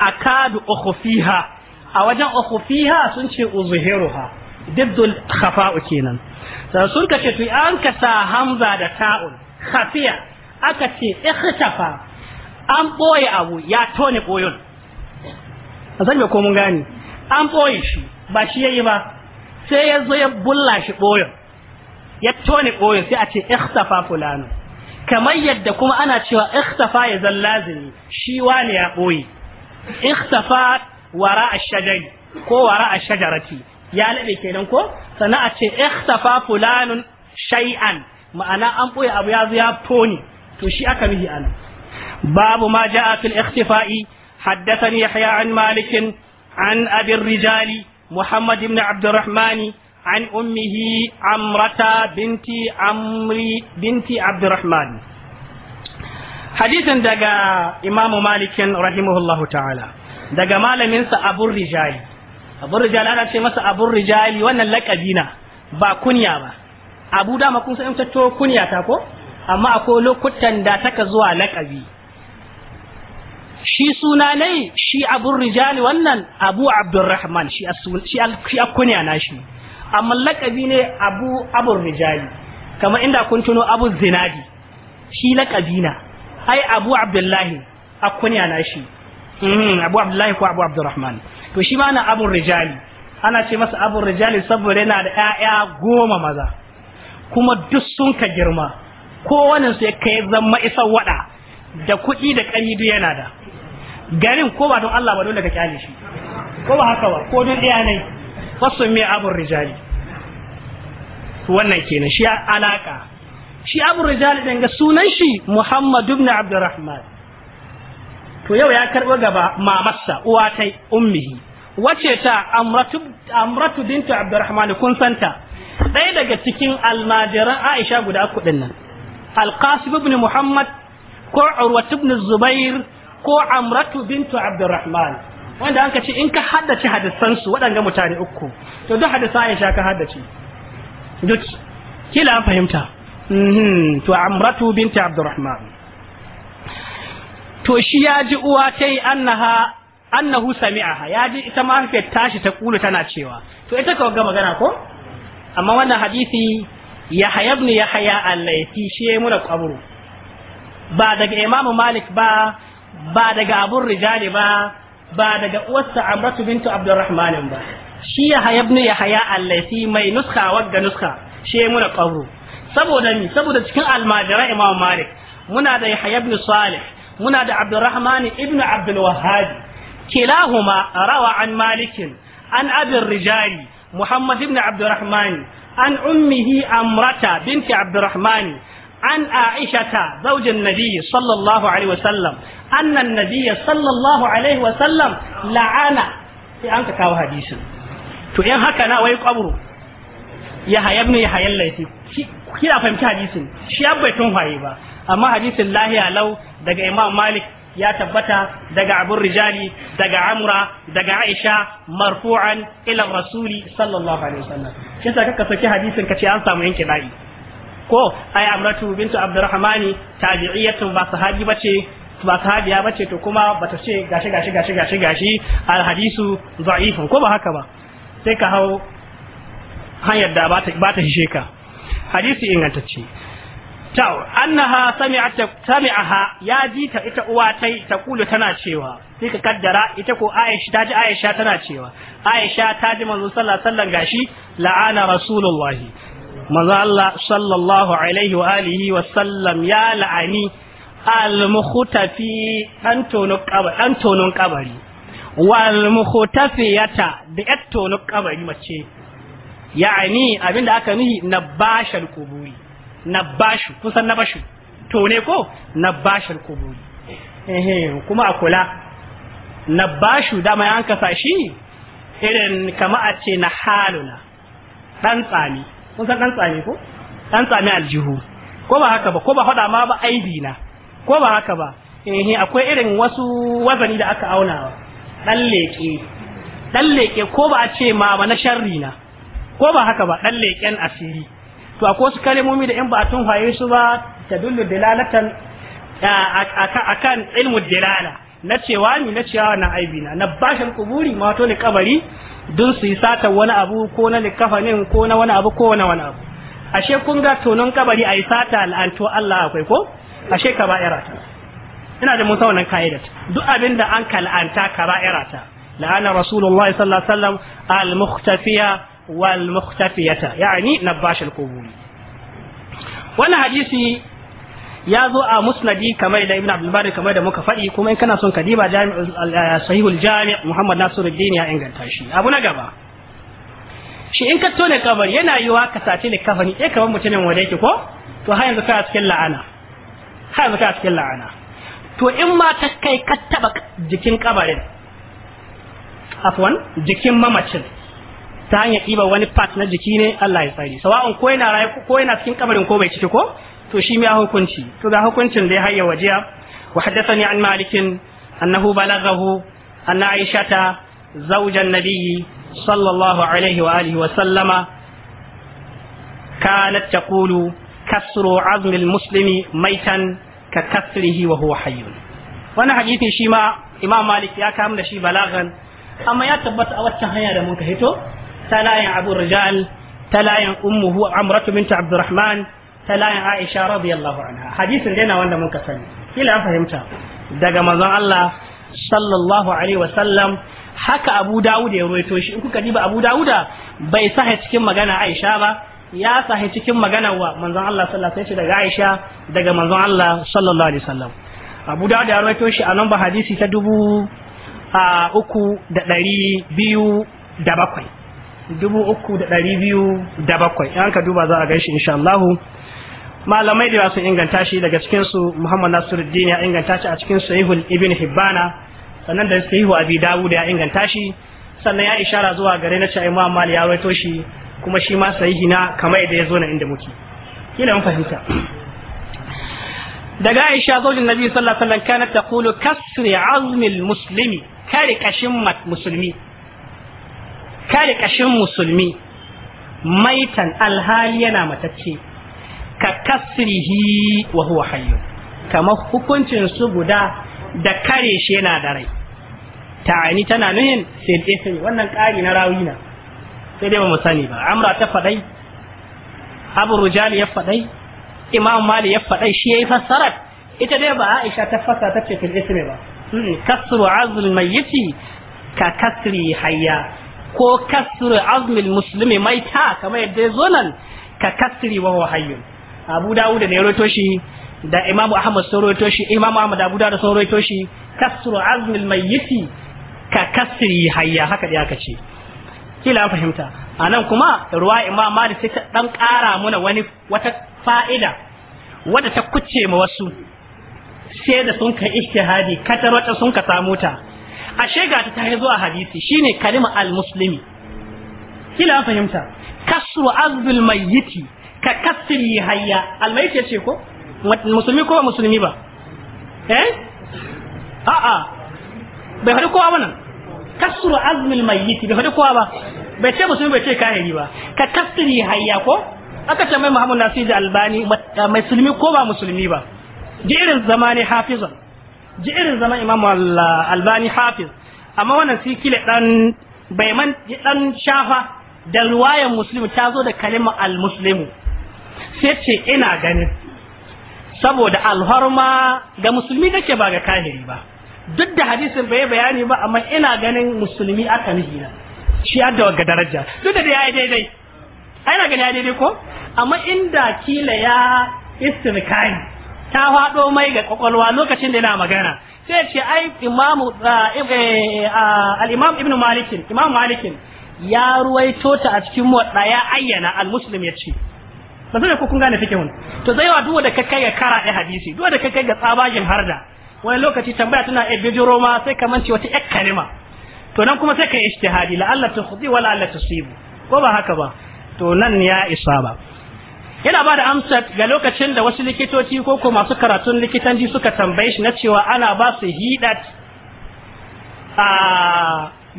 akadu ukhfiha a wajen ukhfiha sun ce uzhiruha dibdul khafa'u kenan sai sun ka ce to an ka sa hamza da ta'un khafiya aka ce ikhtafa an boye abu ya tone boyon a zan ko mun gane an boye shi ba shi yayi ba sai ya zo ya bulla shi ɓoyon ya tone ɓoyon sai a ce ikhtafa fulano kamar yadda kuma ana cewa ikhtafa ya zan lazimi shi wani ya ɓoye ikhtafa wara a shajari ko wara a shajarati ya laɓe kenan ko sannan a ce ikhtafa fulanun shay'an ma'ana an ɓoye abu ya zo ya tone to shi aka mihi ana babu ma ja'a fil ikhtifa'i حدثني يحيى عن مالك عن أبي الرجال محمد بن عبد الرحمن عن أمه عمرة بنت عمري بنت عبد الرحمن حديث دقا إمام مالك رحمه الله تعالى دقا مال من أبو الرجال أبو الرجال أنا شيء مس أبو الرجال وأنا لك أدينا با كنيا با أبو دا ما كنت أنت تو كنيا تاكو أما أقول لك تندا تكزوا لك أبي shi suna ne shi abun rijali wannan abu abdurrahman shi shi akunya na shi amma lakabi ne abu abun rijali kamar inda kun tuno abu zinadi shi lakabi na ai abu abdullahi akunya na shi hmm, abu abdullahi ko abu abdurrahman to shi ma na abun rijali ana ce masa abun rijali saboda yana da 'ya'ya goma maza kuma duk sun ka girma kowaninsu ya kai zama isa wada da kuɗi da ƙani yana da garin ko ba don Allah ba don daga kyale shi ko ba haka ba ko don ɗaya ne fasun mai abun rijali wannan kenan shi alaka shi abun rijali ɗin ga sunan shi Muhammadu ibn Abdurrahman to yau ya karɓo gaba mamarsa uwa ta ummihi wace ta amratu amratu bintu Abdurrahman kun ta? ɗaya daga cikin almajiran Aisha guda kudin nan Al-Qasim ibn Muhammad ko Urwatu ibn Zubair ko amratu bintu abdurrahman wanda an ka ce in ka haddace hadisansu waɗanga mutane uku to duk hadisa aisha ka haddace duk kila an fahimta mhm, to amratu bintu abdurrahman to shi ya ji uwa ta yi annaha annahu sami'aha ya ji ita mahaifiyar tashi ta kulu tana cewa to ita ka ga magana ko amma wannan hadisi ya hayabni ya haya allaifi shi ya mura kwaburu ba daga imamu malik ba ba daga abun rijali ba ba daga uwarsa amratu bintu abdurrahman ba shi ya haya ibn yahya allaisi mai nuska wadda nuska shi muna saboda ni saboda cikin almajira imam malik muna da yahya ibn salih muna da abdurrahman Ibnu abdul wahhab kilahuma rawa an malikin an abin rijali muhammad ibnu abdurrahman an ummihi amrata binti abdurrahman عن عائشة زوج النبي صلى الله عليه وسلم أن النبي صلى الله عليه وسلم لعن في أنك كاو حديث تو إن هكذا ويقبر يحيى ابن يحيى الليثي kina fahimci hadisin shi ya bai tun haye ba amma hadisin lahiya lau daga imam malik ya tabbata daga abun rijali daga amra daga aisha marfu'an ila rasuli sallallahu alaihi wasallam shi sa kaka saki hadisin kace an samu yanke da'i ko ai amratu bintu abdurrahmani tabi'iyatu ba sahabi bace ba sahabiya bace to kuma bata ce gashi gashi gashi gashi gashi al hadisu dha'ifun ko ba haka ba sai ka hau hanyar da ba ta hishe ka hadisi ingantacce tau annaha sami'at sami'aha ya ji ta ita uwa tai ta kulu tana cewa sai ka kaddara ita ko Aisha ta ji Aisha tana cewa Aisha ta ji manzo sallallahu alaihi wasallam gashi la'ana rasulullahi manzo Allah sallallahu alaihi wa alihi wa sallam ya la'ani al-mukhtafi an tonon kabari wal mukhtafiyata da yat tonon kabari mace ya'ani abinda aka nuhi nabashal kuburi nabashu kusan nabashu tone ko nabashal kuburi ehe kuma a kula nabashu dama an kasa shi irin kama a ce na haluna dan tsami kun san dan tsami ko dan tsami aljihu ko ba haka ba ko ba hada ma ba aibi na ko ba haka ba eh akwai irin wasu wazani da aka aunawa dan leke dan leke ko ba a ce ma ba na sharri na ko ba haka ba dan leken asiri to akwai wasu kalmomi da in ba a tun haye su ba tadullu dalalatan akan ilmu dalala na cewa ni na cewa na aibi na na bashin kuburi ma wato ne kabari don su yi sata wani abu ko na likafanin ko na wani abu ko na wani abu ashe kun ga tonon kabari a yi sata la'antu Allah akwai ko ashe ka ba'ira ta ina da musa wannan ka'idat duk abin da an ka la'anta ka ba'ira ta la'ana rasulullahi sallallahu alaihi wasallam al-mukhtafiya wal mukhtafiyata yani nabash al-quburi wannan hadisi ya zo a musnadi kamar da ibn abdul bari kamar da muka faɗi kuma in kana son kadiba eh, sahihul jami muhammad nasiruddin ya inganta shi abu na gaba shi in ka tone kabari yana yiwa ka sace ni kafani eh kamar mutumin wanda yake ko to har yanzu kana cikin la'ana har yanzu kana cikin la'ana to in ma ta kai ka taba jikin kabarin afwan jikin mamacin ta hanyar ɗiba wani part na jiki ne Allah ya tsari sawa'un ko yana raye ko yana cikin kabarin ko bai ciki ko to shi ya hukunci to ga hukuncin da ya hayya wajiya wa haddathani an malikin annahu balaghahu anna aishata zawjan nabiyyi sallallahu alaihi wa alihi wa sallama kanat taqulu kasru azmi almuslimi maitan ka kasrihi wa huwa hayyun wannan hadisi shi ma imam malik ya kama da shi balagan amma ya tabbata a waccan hanya da mun ka hito ta layin abu rijal ta layin ummuhu amratu binta abdurrahman ta layin Aisha radiyallahu anha hadisin dai na wanda muka sani kila an fahimta daga manzon Allah sallallahu alaihi wasallam haka Abu Dawud ya ruwaito shi in kuka diba Abu Dawuda bai sahi cikin magana Aisha ba ya sahi cikin magana wa manzon Allah sallallahu alaihi wasallam daga Aisha daga manzon Allah sallallahu alaihi wasallam Abu Dawud ya ruwaito shi a nan ba hadisi ta dubu a uku da ɗari biyu da bakwai dubu uku da ɗari biyu da bakwai in ka duba za a gaishe insha Allahu malamai da sun inganta shi daga cikin su Muhammad Nasiruddin ya inganta shi a cikin Sahihul Ibn Hibbana sannan da Sahihu Abi Dawud ya inganta shi sannan ya ishara zuwa gare na cewa Imam Malik ya waito shi kuma shi ma sahihi na kamar da ya zo na inda muke kina mun fahimta daga Aisha zaujin Nabi sallallahu alaihi wasallam kanat taqulu kasri azmil muslimi kare kashin musulmi kare kashin musulmi maitan alhali yana matacce ka kasrihi wa huwa kamar hukuncin su guda da kare shi yana da rai ta'ani tana nuhin sai dai sai wannan ƙari na rawina sai dai ba mu sani ba amra ta fadai abu ya fadai imam mali ya fadai shi yayi fassarar ita dai ba aisha ta fassara ta ce fil ismi ba hmm, kasru azl mayyiti ka kasri hayya ko kasru musulmi muslimi maita kamar yadda zo nan ka kasri wa huwa hayyun abu dawud ne roto shi da imamu ahmad sun roto shi imamu ahmad abu dawud sun roto shi kasru azmil mayyiti ka kasri hayya haka dai aka ce kila an fahimta anan kuma ruwa imam malik sai ta dan kara muna wani wata fa'ida wadda ta kucce ma wasu sai da sun ka ijtihadi katar wata sun ka samu ta ashe ga ta tare zuwa hadisi shine kalima al muslimi kila an fahimta kasru azmil mayyiti ka kasri hayya almayit ce ko musulmi ko musulmi ba eh a bai hadu kowa ba nan kasru azmil mayyit bai hadu kowa ba bai ce musulmi bai ce kahiri ba ka kasri hayya ko aka ce mai Muhammad Nasir da Albani musulmi ko ba musulmi ba ji irin zama ne hafizan ji irin zama Imam Albani hafiz amma wannan sai kila dan bai man dan shafa da ruwayan muslim ta zo da kalimar al-muslimu sai ce ina ganin saboda alharma ga musulmi take ba ga kahiri ba duk da hadisin bai bayani ba amma ina ganin musulmi aka nufi na shi adda ga daraja duk da ya yi daidai ina gani ya daidai ko amma inda kila ya istirkai ta faɗo mai ga kwakwalwa lokacin da yana magana sai ce ai imamu eh, eh, al-imam ibn malikin imam malikin ya ruwaito ta a cikin muwadda ya ayyana al-muslim ya ce ba zai ko kun gane fikihun to zai wa duwa da kakkai ga kara da hadisi duwa da kakkai ga tsabajin harda wani lokaci tambaya tana e bijiro ma sai ka mance wata yak kalima to nan kuma sai kai ijtihadi la Allah tukhdi wa la Allah ko ba haka ba to nan ya ba. yana ba da amsar ga lokacin da wasu likitoci ko ko masu karatun likitanci suka tambaye shi na cewa ana ba su hidat a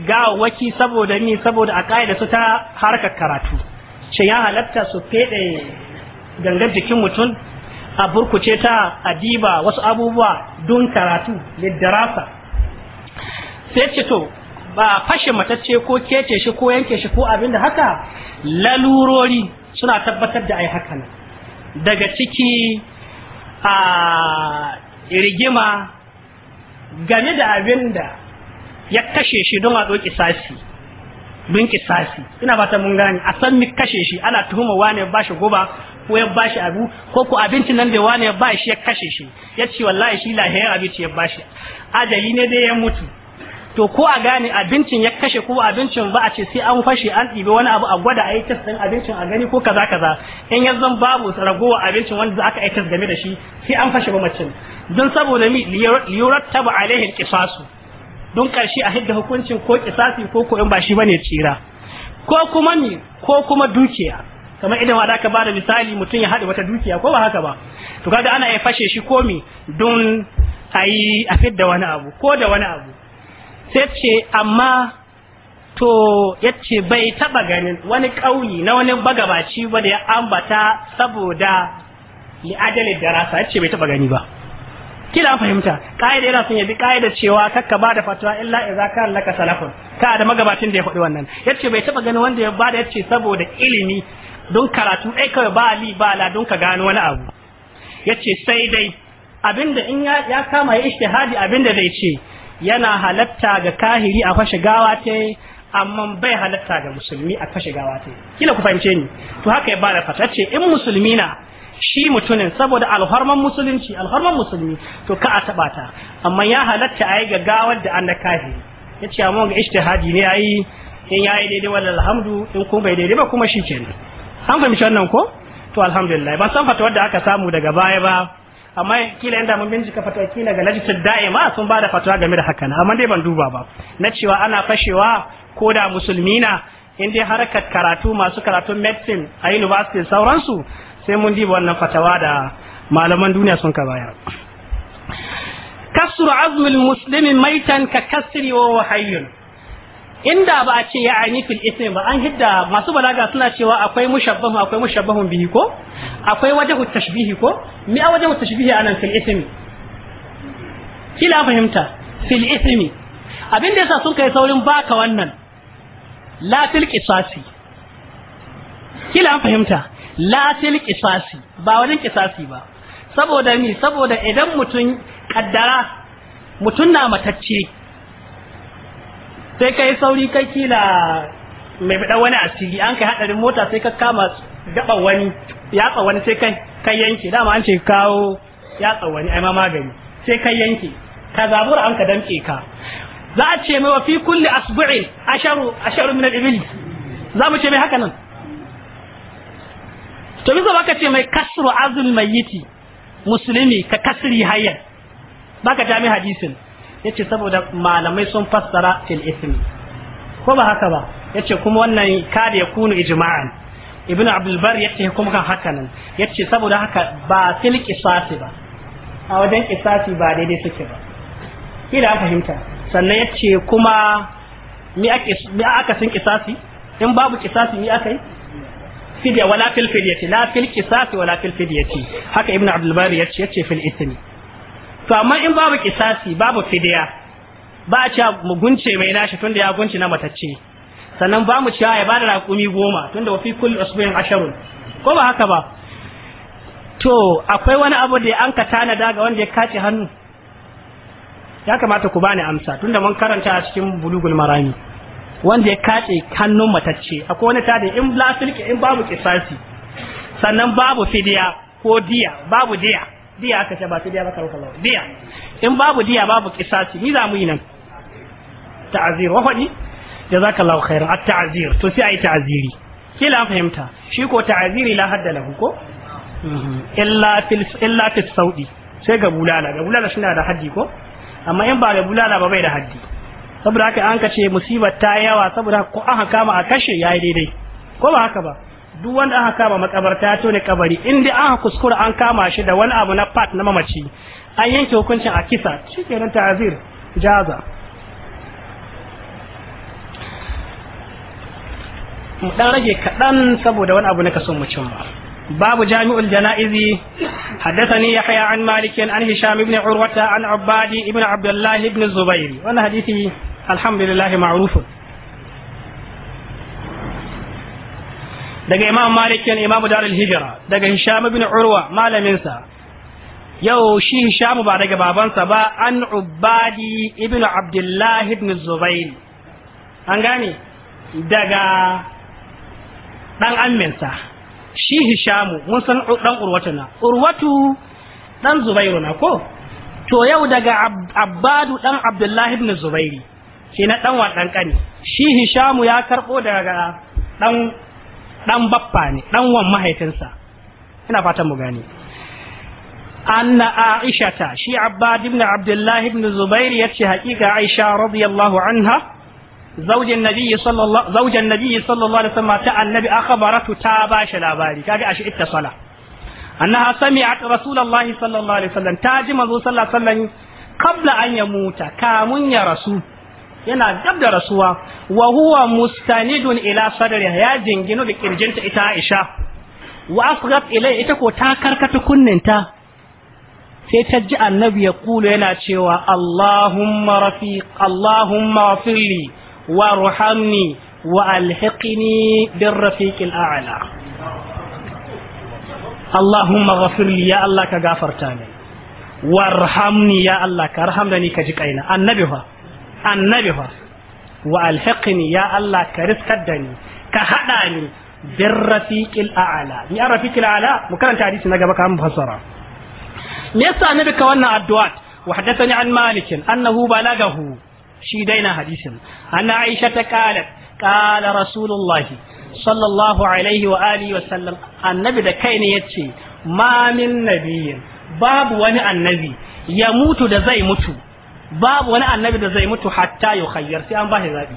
gawaki saboda ni saboda a ƙa'ida su ta harkar karatu shin ya halatta su fede gangar jikin mutum a burkuce ta diba wasu abubuwa don karatu darasa sai ce to ba fashe matacce ko kece shi ko yanke shi ko abin da haka lalurori suna tabbatar da ai haka nan daga ciki a rigima game da abin da ya kashe shi don a ɗoki sasi mun kisasi ina ba ta mun gane a san mi kashe shi ana tuhuma wani ya bashi guba ko ya bashi abu ko ko abincin nan da wani ya ba shi ya kashe shi ya ce wallahi shi lahiyar abinci ya bashi ajali ne dai ya mutu to ko a gane abincin ya kashe ko abincin ba a ce sai an fashe an ɗibe wani abu a gwada a yi test ɗin abincin a gani ko kaza kaza in ya zan babu ragowa abincin wanda za aka yi test game da shi sai an fashe ba mutum don saboda mi liyurattaba alaihi alqisasu don karshe a hidda hukuncin ko kisasi ko koyon ba shi bane tsira ko kuma ni ko kuma dukiya kamar idan wa ka bada misali mutum ya haɗa wata dukiya ko ba haka ba to kaga ana iya fashe shi komi don yi a fidda wani abu ko da wani abu sai ce amma to yace bai taba ganin wani ƙauye na wani bagabaci ba da ya ambata saboda li'ajalin darasa yace bai taba gani ba kila fahimta kaida yana son ya bi kaida cewa kakka ba da fatawa illa idza kana laka salafun ka da magabacin da ya faɗi wannan yace bai taba gani wanda ya bada yace saboda ilimi don karatu dai kawai ba li ba la don ka gano wani abu yace sai dai abinda in ya kama ya ishtihadi abinda zai ce yana halatta ga kahiri a fashe gawa ta amma bai halatta ga musulmi a fashe gawa ta kila ku fahimce ni to haka ya bada fatace in musulmi na shi mutumin saboda alharman musulunci alharman musulmi to ka a taba ta amma ya halatta a yi gaggawar da an na kafi ya ce amma ga ishtihadi ne yayi in ya yi daidai wadda alhamdu in kuma bai daidai ba kuma shi kenan an fahimci wannan ko to alhamdulillah ban san fatawar da aka samu daga baya ba amma kila inda mun bincika fatawa kila ga lajitar da'ima sun ba da fatawa game da hakan amma dai ban duba ba na cewa ana fashewa ko da musulmi na in dai harkar karatu masu karatun medicine a university sauransu sai mun diba wannan fatawa da malaman duniya sun ka bayar kasru azmul muslimi maitan ka kasri wa hayyun inda ba a ce ya ani fil ismi ba an hidda masu balaga suna cewa akwai mushabbahu akwai mushabbahun bihi ko akwai wajhu tashbihi ko mi a wajhu tashbihi anan fil ismi kila fahimta fil ismi abin da yasa sun kai saurin baka wannan la fil qisasi kila fahimta la fil qisasi ba wajen qisasi ba saboda ni saboda idan mutun kaddara mutun na matacce sai kai sauri kai kila mai bada wani asiri an kai hadarin mota sai ka kama gaba wani yatsa wani sai kai kai yanke dama an ce kawo yatsa wani ai ma magani sai kai yanke ka zabura an ka damke ka za a ce mai wa fi kulli asbu'in asharu asharu min al-ibil za mu ce mai haka nan to bisa baka ce mai kasru azul mayyiti musulmi ka kasri hayyan baka jami hadisin yace saboda malamai sun fassara fil ismi ko ba haka ba yace kuma wannan kada ya kunu ijma'an ibn abdul bar yace kuma kan haka nan yace saboda haka ba fil qisasi ba a wajen qisasi ba daidai suke ba kila fahimta sannan yace kuma mi aka sun qisasi in babu qisasi mi aka yi fidya wala fil fidyati la fil qisas wala fil fidyati haka ibnu abdul bari yace yace fil ismi to amma in babu qisasi babu fidya ba a mu gunce mai nashi tunda ya gunce na matacce sannan ba mu cewa ya bada raƙumi goma tunda wa kulli usbu'in asharun ko ba haka ba to akwai wani abu da an ka tanada ga wanda ya kace hannu ya kamata ku bani amsa tunda mun karanta a cikin bulugul marami wanda ya kace hannun matacce akwai wani tada in lasilki in babu kisasi sannan babu fidiya ko diya babu diya diya aka ce ba fidiya ba karuka lawa diya in babu diya babu kisasi ni za mu yi nan ta'azir wa faɗi jazakallahu khairan at ta'azir to sai ayi ta'aziri kila fahimta shi ko ta'aziri la hadda lahu ko mhm. illa fil illa fil saudi sai ga bulala ga bulala shi na da haddi ko amma in ba ga bulala ba bai da haddi saboda haka an kace ce musibar ta yawa saboda ko aka kama a kashe yayi daidai ko ba haka ba duk wanda aka kama makabarta to ne kabari in dai aka kuskura an kama shi da wani abu na part na mamaci an yanke hukuncin a kisa shikenan ta'azir jaza mu dan rage kaɗan saboda wani abu na kaso mu cimma باب جامع الجنائز حدثني يحيى عن an عن هشام بن عروة عن عباد بن عبد الله بن الزبير وانا حديثي alhamdulillah ma'rufun daga imam malik yan imamu darul hijra daga hisham ibn urwa malamin sa yau shi hisham ba daga babansa ba an ubadi ibn abdullah ibn zubair an gane daga dan amminsa shi hishamu mun san dan urwatu na urwatu dan zubairu na ko to yau daga abbadu dan abdullahi ibn zubairi shi na dan wadan ƙani shi hishamu ya karɓo daga ɗan dan baffa ne dan wan mahaifinsa ina fatan mu gane anna aishata shi abbad ibn abdullah ibn zubair yace hakika aisha radiyallahu anha zaujen النبي صلى الله زوج النبي صلى الله ta annabi تاع النبي اخبرته تاباش labari كاجي اشي اتصلا انها سمعت رسول الله صلى الله عليه وسلم تاجي منزو صلى الله عليه وسلم an ان يموت كامن يا yana gab da rasuwa wa huwa mustanidun ila sadriha ya jinginu da kirjinta ita Aisha wa asghat ilai ita ko ta karkata kunninta sai ta ji annabi ya kulu yana cewa Allahumma rafiq Allahumma wafirli warhamni wa alhiqni bir rafiqil a'la Allahumma ghafirli ya Allah ka gafarta ni warhamni ya Allah ka rahamni ka ji kaina annabi fa annabi fa wa alhiqni ya Allah ka riskar da ni ka hada ni bin rafiqil a'la ni an rafiqil a'la mu karanta hadisi na gaba kan fassara me yasa annabi ka wannan addu'a wa haddathani an malik annahu balagahu shi daina hadisin anna aisha ta qalat rasulullahi sallallahu alaihi wa alihi wa sallam annabi da kai ne yace ma min nabiyyin babu wani annabi ya mutu da zai mutu babu wani annabi da zai mutu hatta ya khayyar sai an ba shi zabi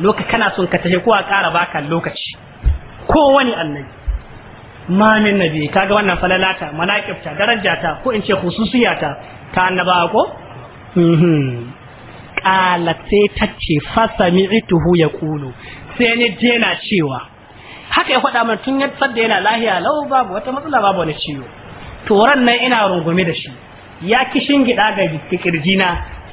Lokaci kana son ka tafi ko a ƙara baka lokaci ko wani annabi ma min nabi kaga wannan falalata daraja ta, ko in ce khususiyata ta annaba ko qalat mhm. sai ta tace fa sami'tuhu yaqulu sai ne je cewa haka ya faɗa mana tun yadda yana lahiya lau babu wata matsala babu wani ciwo to ran nan ina rungume da shi ya kishin gida ga kirjina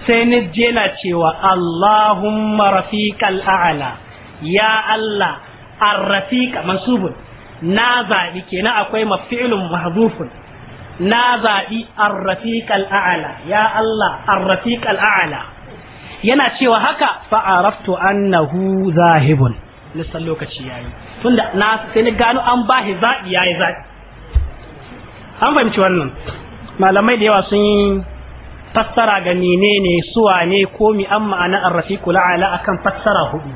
sai ni jela cewa Allahumma rafiqal a'la ya Allah ar-rafiqa mansubun na zabi kenan akwai maf'ilun mahdhufun na zabi ar-rafiqal a'la ya Allah ar-rafiqal a'la yana cewa haka fa araftu annahu zahibun nisan lokaci yayi tunda na sai ni gano an bahi zabi yayi zabi an fahimci wannan malamai da yawa sun yi fassara ga menene suwa ne ko mi an ma'ana kula ala akan fassara hudu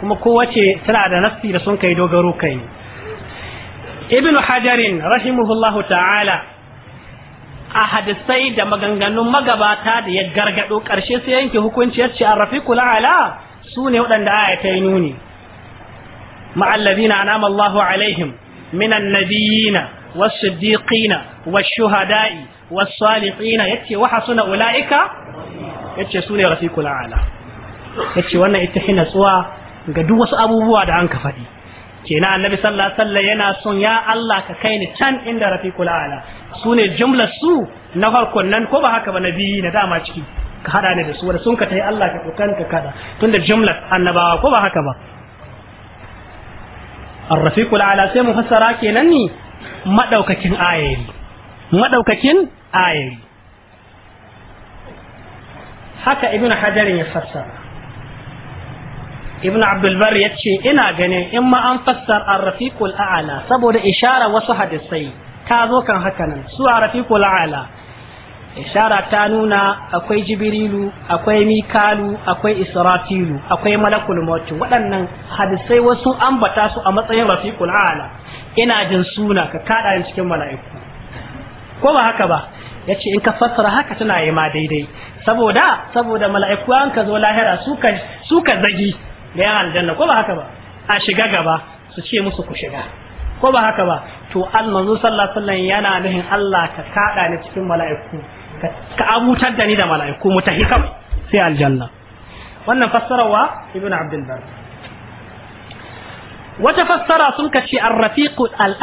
kuma kowace tana da nafsi da sun kai dogaro kai Ibn hajarin rahimahullahu ta'ala a hadisai da maganganun magabata da ya gargado karshe sai yanke hukunci ya ce kula ala? su ne waɗanda aya ta yi nuni ma'allazina anama Allahu alaihim minan nabiyina والصديقين والشهداء والصالحين يتي وحسن أولئك يتي سوني رفيق الأعلى يتي وانا اتحنا سوا قدو وس أبو بواد عنك فدي كنا النبي صلى الله عليه وسلم ينا سون يا الله ككين تان عند رفيق الأعلى سوني جملة سو نفر كنن كوبا هكذا نبي ندام أشكي ka hada ne da su wanda sun ka tayi Allah ka kokan ka kada tunda jumlar annabawa ko ba haka ba ar-rafiqul ala sai mufassara kenan ni madaukakin ayari madaukakin ayari haka ibn hajarin ya fassara ibn abdulbar ya ce ina ganin in ma an fassar arrafiqul a'ala saboda ishara wasu hadisai ta zo kan haka nan su arrafiqul a'ala ishara ta nuna akwai jibrilu akwai mikalu akwai israfilu akwai malakul maut waɗannan hadisai wasu ambata su a matsayin rafiqul a'ala ina jin suna ka kada ni cikin mala'iku ko ba haka ba yace in ka fassara haka tana yi ma daidai saboda saboda mala'iku an ka zo lahira su ka zagi da yan aljanna ko ba haka ba a shiga gaba su ce musu ku shiga ko ba haka ba to manzo sallallahu alaihi yana nuhin Allah ka kada ni cikin mala'iku ka abutar da ni da mala'iku mutahi kawai sai aljanna wannan fassarawa ibnu abdul wata fassara sun kace ar-rafiqu al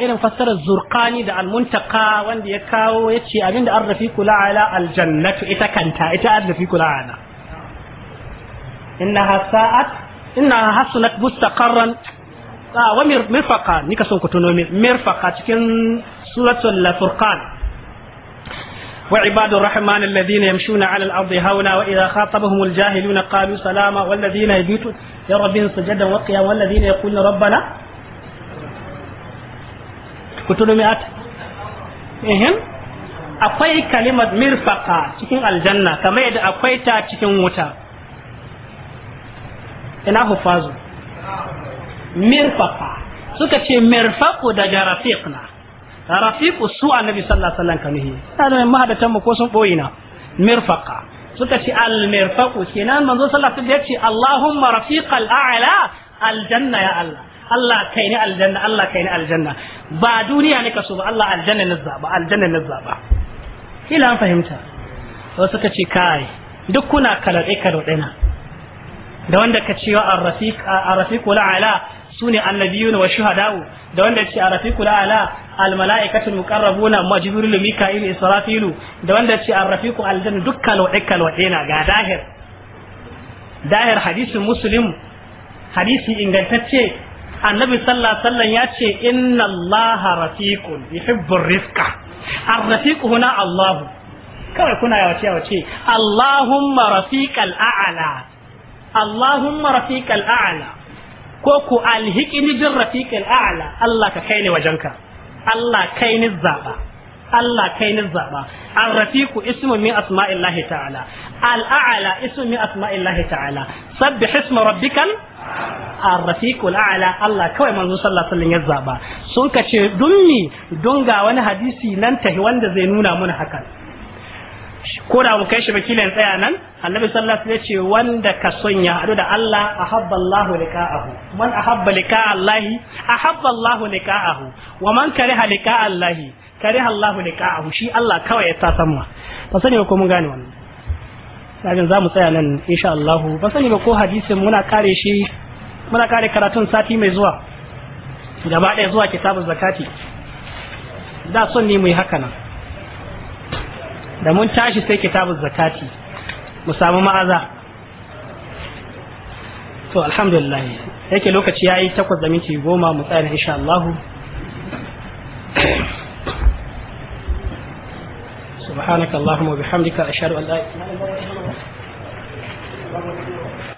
irin fassarar zurqani da al-muntaka wanda ya kawo yace abinda ar-rafiqu al-a'la al-jannatu ita kanta ita ar-rafiqu al-a'la innaha sa'at innaha hasunat mustaqarran wa mirfaqa nika son ku tuno mirfaqa cikin suratul furqan wa ibadur rahman alladhina yamshuna 'ala al-ardi hauna wa idha khatabahum al-jahiluna qalu salama wal ladhina yabitu لربهم سجدا وقياما والذين يقولون ربنا كتب مئات akwai kalimar mirfaka cikin aljanna kamar yadda akwai ta cikin wuta ina hufazu suka ce su annabi sallallahu alaihi wasallam kanihi mahadatan mu ko sun mirfaka suka ce al-mirfaqu kenan manzo sallallahu alaihi wasallam yace Allahumma rafiqal a'la aljanna ya Allah Allah kai ne aljanna Allah kai ne aljanna ba duniya ne kaso ba Allah aljanna ne zaba aljanna ne zaba kila an fahimta wasu suka ce kai duk kuna kalaɗe kalaɗe na da wanda ka cewa ar-rafiq ar-rafiqul a'la sune annabiyun wa shuhada'u da wanda ce ar-rafiqul a'la almala'ikatu muqarrabuna majbril mika'il israfilu da wanda ce arrafiqu aljanna dukkan wa dukkan wa dena ga dahir dahir hadisin muslim hadisi ingantacce annabi sallallahu alaihi wasallam ya ce inna allaha rafiqun yuhibbur rifqa arrafiqu huna Allahu. kawai kuna yawace yawace allahumma rafiqal a'la allahumma rafiqal a'la ko ku alhiqni bir rafiqil a'la allah ka kai ni wajenka Allah kai ni zaba Allah kai ni zaba ar-rafiqu ismu min asma'illahi ta'ala al-a'la ismu min asma'illahi ta'ala sabbih isma rabbikal ar-rafiqu al-a'la Allah kawai manzo sallallahu alaihi wasallam ya zaba sun kace dummi don ga wani hadisi nan tahi wanda zai nuna mana hakan ko da mu kai shi bakila ya tsaya nan annabi sallallahu alaihi wasallam ya ce wanda ka son ya hadu da Allah ahabba allahu liqa'ahu man ahabba liqa'a Allah ahabba allahu liqa'ahu wa man kariha liqa'a Allah kariha Allahu liqa'ahu shi Allah kawai ya ta san ma ba sani ba ko mun gane wannan sabin za mu tsaya nan insha Allah ba sani ba ko hadisin muna kare shi muna kare karatun sati mai zuwa gaba ɗaya zuwa kitabul zakati da son ne mu yi haka nan da mun tashi sai kitabun zakati mu samu ma'aza to alhamdulillah yake lokaci ya yi takwas da minti goma mu tsaya insha Allah سبحانك اللهم وبحمدك أشهد أن لا إله إلا أنت